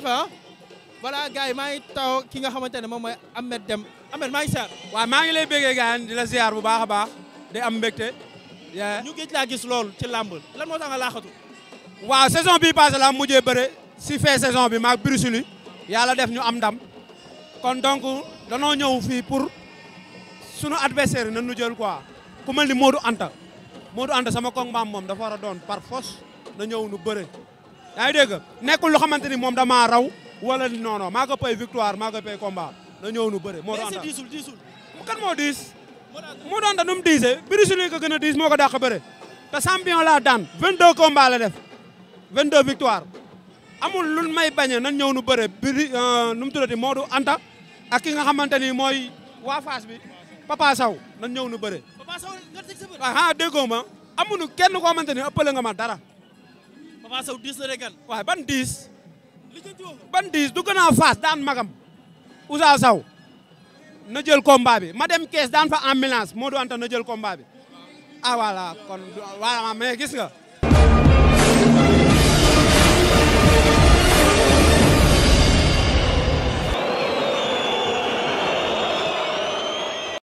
live ah voilà gars yi maa ngi taw ki nga xamante ne moom mooy Ahmed dem Ahmed maa ngi siyaar. waaw maa ngi lay béggee gars yi di la ziar bu baax a baax di am mbégte. ñu gëj laa gis loolu ci làmb lan moo tax nga laaxatu. waaw saison bii passé la mujjee bëre si fin saison bi maa maag Bruxelles yàlla def ñu am ndam kon donc danoo ñëw fii pour sunu adversaire nan nu jël quoi ku mel ni Modou Anta Modou Anta sama kong maam moom dafa war a doon par force na ñëw nu bëre. yaa ngi dégg nekkul loo xamante ni moom damaa raw wala non non maa ko pay victoire maa ko pay combat na ñëw nu bëre moo doon diisul diisul kan moo diis moo doon da nu mu diisee Brise Lô ko gën diis moo ko dàq bëre te champion laa daan 22 combat la def 22 victoire amul lu may bañe nan ñëw nu bëre biri euh, nu mu tuddati Modou Anta ak ki nga xamante ni mooy waa Fass bi Papa Sow nan ñëw nu bëre. Papa Sow nga tëj sa bëre. Ah, ah déggoo ma amuñu kenn koo xamante ni ëppale nga ma dara. ban diis. ban diis a faas daan magam Ousa Sow na jël combat bi ma dem kees daan fa ambulance moo du anta na jël combat bi ah voilà kon voilà gis nga.